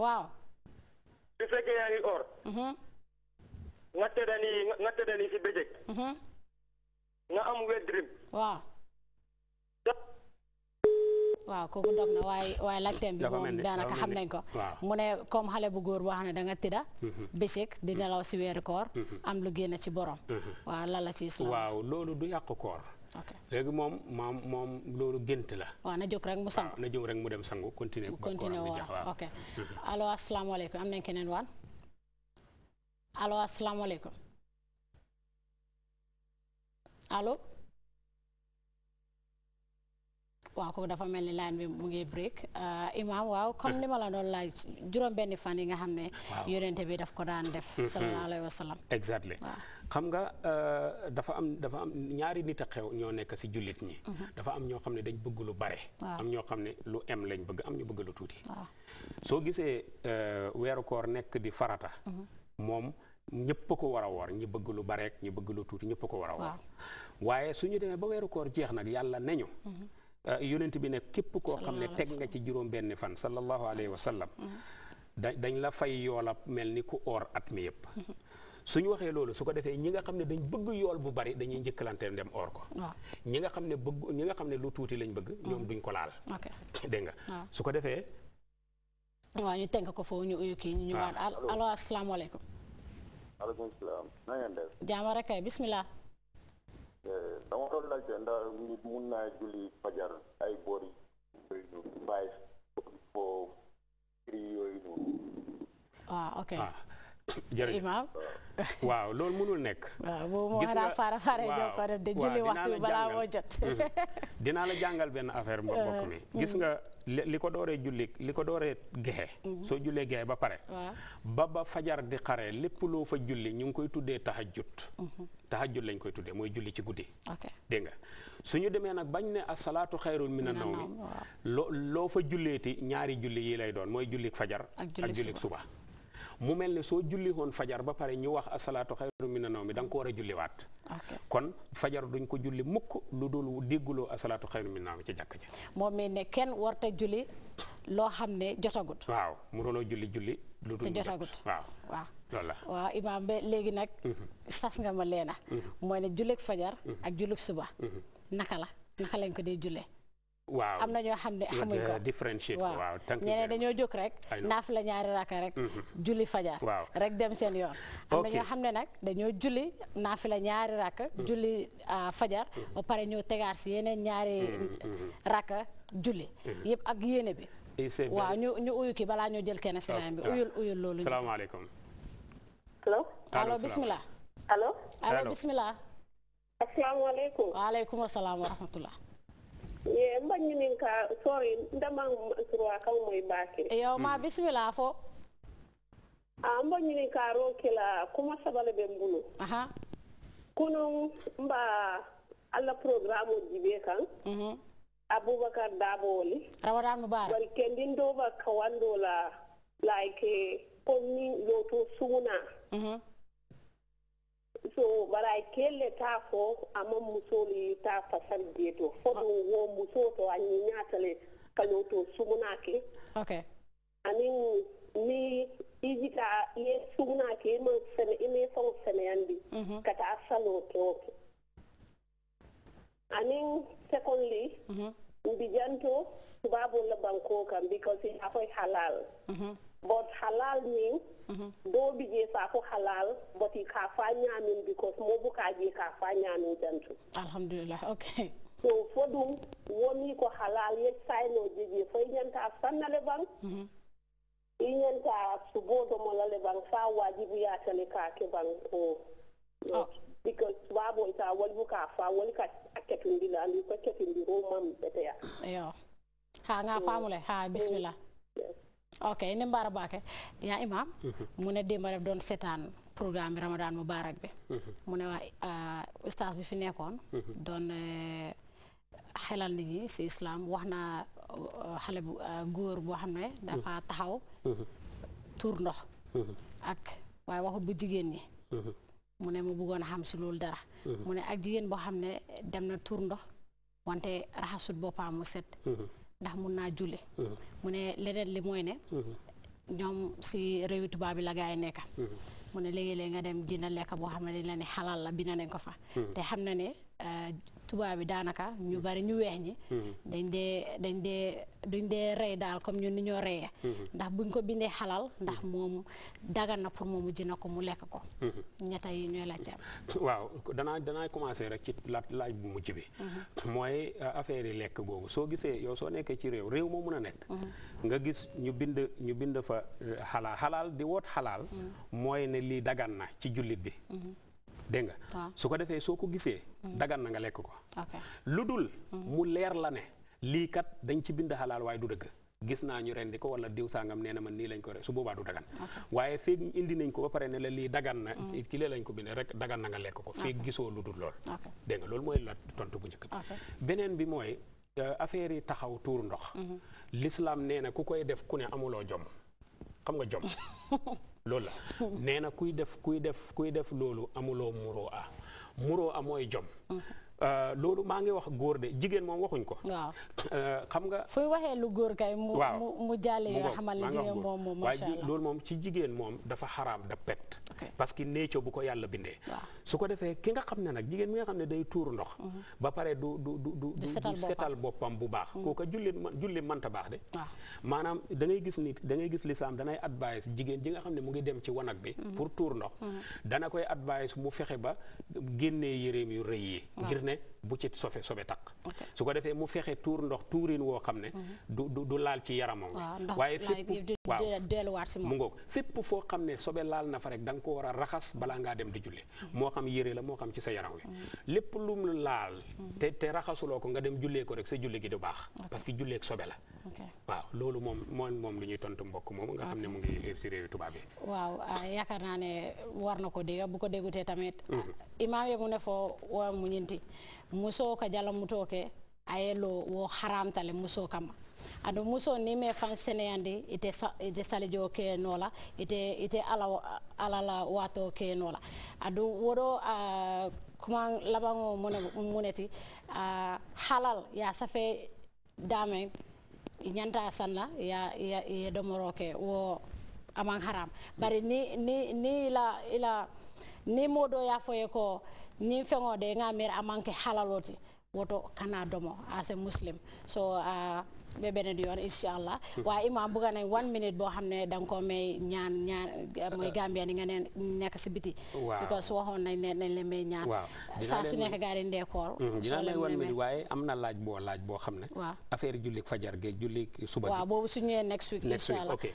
waaw su fekkee yaa ngi or mhm. nga tëdda nii nga tëdda nii si bëccëg mhm. nga am wet dream waaw waaw kooku dog na waaye waaye laajteem bi moom daanaka xam nañ ko mu ne comme xale bu góor boo xam ne danga nga tëdda mhm. bëccëg di nelaw si weeru koor am lu génn ci borom waaw lala ci islam waaw loolu du yàq koor léegi moom maam moom loolu gént la. waaw na jóg rek mu sangu na jóg rek mu dem sangu continuer. mu continuer waaw ok allo asalaamaaleykum am nañ keneen waan allo asalaamaaleykum allo. waaw kooku dafa mel ni line bi mu ngi break euh, imaam waaw comme li ma la doon laaj juróom benni fan yi nga xam ne yonente bi daf ko daan def mm-hmm. sallallahu alayhi wa sallam exactly xam nga euh, dafa am dafa am ñaari nit a xew ñoo nekk si jullit ñi mm-hmm. dafa am ñoo xam ne dañ bëgg lu bare am ñoo xam ne lu em lañ bëgg am ñu bëgg lu tuuti soo gisee euh, weeru koor nekk di farata mm-hmm. moom ñëpp ko war a woor ñi bëgg lu bareek ñi bëgg lu tuuti ñëpp ko war a woor waaye su ñu demee ba weeru koor jeex nag yàlla neñu Eh, yonent bi ne képp koo xam ne teg nga ci juróom benn fan sallallahu alayhi wa sallam mm-hmm. da dañ la fay yoola mel ni ku oor at mi yëpp mm-hmm. suñu waxee loolu su ko defee ñi nga xam ne dañ bëgg yool bu bari dañuy njëkkalante dem or ko ñi nga xam ne bëgg ñi nga xam ne lu tuuti lañ bëgg mm-hmm. ñoom duñ ko laal dégg nga su ko defee waaw ñu tënk ko foofu ñu uyu kii ñu ah. ñëwaat allo asalaamaaleykum aleykum salaam na ngeen def bismillah Eh, dama doon laajte ndax nit mun naa julli fajar ay boori yooyu noonu five four three yooyu noonu ah ok ah. jërëjëf imaam waaw loolu mënul nekk. waaw boobu moo xanaa faara faara yi ko def de julli waxtu balaa moo jot. Mhm. dinaa la jàngal benn affaire mba mi euh, gis mhm. nga li ko dooree julli li ko dooree gexe mhm. soo jullee gexe ba pare ba ba fajar di xare lépp loo fa julli ñu ngi koy tuddee tahajjud tahajjud lañ koy tuddee mooy julli ci guddi dégg nga ñu demee nag bañ ne asalaatu xayrun mina nawmi loo loo fa julleeti ñaari julli yi lay doon mooy jullik fajar ak jullik suba mu mel ne soo julli woon fajar ba pare ñu wax asalaatu xayru mina nawmi da nga ko war a julliwaat. kon fajar duñ ko julli mukk lu dul dégguloo asalaatu xayru mina nawmi ci jàkk ji. moom mi ne kenn warta julli loo xam ne jotagut. waaw julli julli. lu dul jotagut waaw waaw. voilà waaw imaam ba léegi nag. Mhm. sas nga ma leena. Mhm. mooy ne julleg fajar. Mhm. ak julleg suba. naka la naka lañ ko dee jullee. waaw am na ñoo xam ne xamuñ ko differentiate waaw ñeneen dañoo jóg rek naaf la ñaari raka rek mm-hmm. julli fajar rek dem seen yoon am na ñoo xam ne nag dañoo julli naaf la ñaari raka mm-hmm. julli ah, fajar mm-hmm. ba pare ñoo tegaar si yeneen ñaari raka julli yëpp ak yéene bi waaw ñu ñu uyu ki balaa ñoo jël kenn si bi ah. uyul uyul loolu salaamaaleykum allo allo bismillah allo allo bismillah asalaamaaleykum waaleykum asalaam wa ye mbañinin ka sorry ndamang surwa kan moy bake yo ma mm. bismillah fo a mbañinin ka ro kila kuma sabale be mbulu aha kunun mba ala programme jibe kan mhm abubakar daboli rawadan mubarak bari kendin do ba kawando la like ko eh, ni loto suna mhm so bara kelle ta ko amon musoli ta fasal deto fodo wo musoto anyi nyatale kaloto sumunake okay anin ni ijita uh, ye sumunake ma sene ime fon sene andi mm -hmm. kata salo to anin secondly mm -hmm. mbijanto la banko kam because it akoy halal mm But halal means mm-hmm. though biji sako halal, but ikafanya mean because mobu kaji ikafanya mean dentu. Alhamdulillah. Okay. So for dum woni ko halal yet sign o jiji fo nyanta sanna le bang. Mm-hmm. Inyanta subodo mo la le bang fa wajibu ya tele ka ke bang o. No. Oh. Because babo ita walbu ka fa wal ka aketindi la ni ko ketindi ro mam bete ya. Yeah. Ha nga famule ha mm. bismillah. Yes. ok ne mbaara baake yaa imam mhm. mu ne démb rek doon seetaan programme bi ramadan mubarak bi mhm. mu ne waa euh, ustaas bi fi nekkoon mhm. doon euh, xelal nit ñi si islam wax na euh, xale bu góor boo xam ne dafa taxaw tuur ndox ak waaye waxut bu jigéen ñi mu ne mu buggoon a xam si loolu dara mu ne ak jigéen boo xam ne dem na tuur ndox wante raxasut boppam mu set ndax mun naa julli hmm. mu ne leneen li mooy ne hmm. ñoom si réewi tubaab bi la gaa yi nekka hmm. mu ne léegi-léegi nga dem jënd lekka boo xam ne dañ la ne xalaal la bind nañ ko fa te xam na ne Euh, tubaab yi daanaka ñu mm-hmm. bari ñu weex ñi mm-hmm. dañ dee dañ dee rey daal comme ñun ni ñoo reyee mm-hmm. ndax buñ ko bindee xalaal ndax moom dagan na pour mujj na ko mu lekk ko ñetta yi ñooy laajteem waaw danaa danaay commencé rek ci laaj laaj bu mujj bi mooy euh, affaire yi lekk googu soo gisee yow soo nekkee ci réew réew moo mun a nekk nga gis ñu bind ñu bind fa euh, xalaal xalaal di woot xalaal mooy ne lii dagan na ci jullit bi dégg nga su ko defee soo ko gisee mm. dagan na nga lekk ko lu dul mm. mu leer la ne lii kat dañ ci bind xalaal waaye du dëgg gis naa ñu rendi ko wala diw sangam nee na man nii lañ ko rek su boobaa du dagan waaye feeg indi nañ ko ba pare ne la lii dagan na mm. ki lañ ko bindee rek dagan na nga lekk ko feeg gisoo lu dul lool dégg nga loolu mooy la tontu bu ñëkk bi beneen bi mooy euh, affaire yi taxaw tuur ndox mm-hmm. l'islam nee na ku koy def ku ne amuloo jom xam nga jom loolu la nee na kuy def kuy def kuy def loolu amuloo muroo a muroo a mooy jom mhm. euh, loolu maa ngi wax góor de jigéen moom waxuñ ko waaw euh, xam nga fuy waxee lu góor kay mu mu jàlle yoo xamal ne jigéen moom moom waaye loolu moom ci jigéen moom dafa xaram da pet parce que nature bu ko yàlla bindee su ko defee ki nga xam ne nag jigéen mi nga xam ne day tuur ndox mhm. ba pare du du du du setal boppam bu baax mhm. kooka julli julli baax de maanaam da ngay gis nit da ngay gis lislaam danay advice jigéen ji nga xam ne mu ngi dem ci wanag bi mhm. pour tuur ndox dana koy advice mu fexe ba génnee yéreem yu rëy yi ngir ne bu ci sofe sobe taq su ko defee mu fexe tuur ndox tuurin woo xam ne du du du laal ci yaramam waaye fépp foo xam ne sobe ko war a raxas balaa ngaa dem di julli moo xam yére la moo xam ci sa yaram wi lépp lu mu laal te te raxasuloo ko nga dem jullee ko rek sa julli gi du baax parce que julleeg sobe la waaw loolu moom moom moom lu ñuy tontu mbokk moomu nga xam ne mu ngi ci réewi tubaab yi waaw ah, yaakaar naa ne war na ko dégg bu ko déggutee tamit mm-hmm. ah, imaam ye mu ne fo wa mu ñinti musoo ka jala ke aye loo wo haramtale musoo kama ado muso ni me fan seneyandi ite ite salijo ke nola ite ite ala ala wato ke nola ado wodo uh, kuma labango muneti uh, halal ya safe dame nyanta sanla ya ya, ya domoro ke wo aman haram bari ni ni ni la ila ni modo ya foye ko ni fengo de nga mer amanke halaloti woto kana domo a muslim so uh, ba beneen yoon incha allah waaye imaam bugga nañ one minute boo xam ne dang nga ko may ñaan ñaan mooy Gambia ni nga nekk si biti because waxoon nañ ne nañ la may ñaan saa su nekk gaa di ndeekoor mm-hmm. dinaa lay one minute waaye am na laaj boo laaj boo xam ne affaire jullik fajar ge julli suba waaw boobu su ñëwee next week incha allah